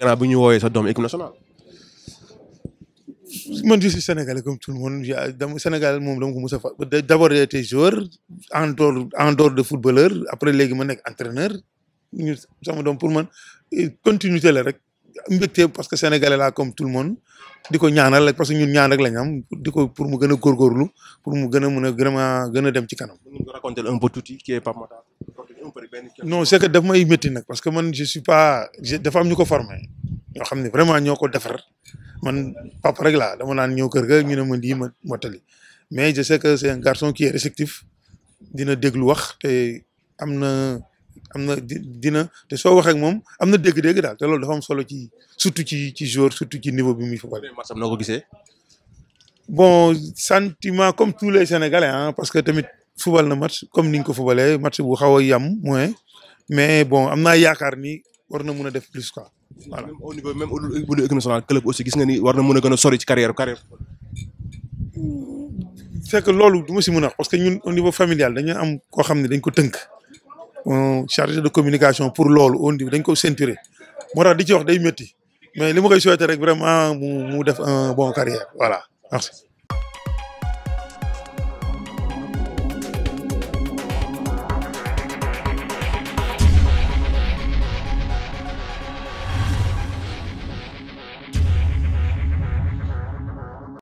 gannaaw bi ñu wooyee sa doom équipe nationale. man je suis sénégalais comme tout le monde yaa dama moom dama ko mos a fa d' abord j' étais en dehors en dehors de footballeur après léegi ma nekk entraîneur ñu sama doom pour man continuité la rek mbégte parce que sénégalais laa comme tout le monde di ko ñaanal rek parce que ñun ñaan rek la ñu am di ko pour mu gën a góorgóorlu pour mu gën a mën a vraiment gën dem ci kanam. mën tuuti qui non c'est que un ils qui parce que man je suis pas dafa am ñu réceptif, vraiment réceptif, man papa rek réceptif, dama est réceptif, kër ne ma réceptif, mais je sais que c'est un garçon qui est réceptif qui déglu wax amne, qui dina ak Alors, dégg-dégg surtout niveau bon sentiment comme tous les sénégalais hein, parce que Football na match comme ni nga ko footballé match bu xaw yam moins mais bon amna naa ni war na def plus quoi. voilà même au niveau même au niveau équipe nationale club aussi gis nga ni war na mën a sori ci carrière carrière. c'est que lolu duma ci mëna parce que ñun au niveau familial dañu am ko xamni dañ ko tënk. chargé de communication pour lolu on dit dañ ko ceinturer moo tax di ci wax day metti mais li ma koy souhaiter rek vraiment mu def un bon carrière voilà merci.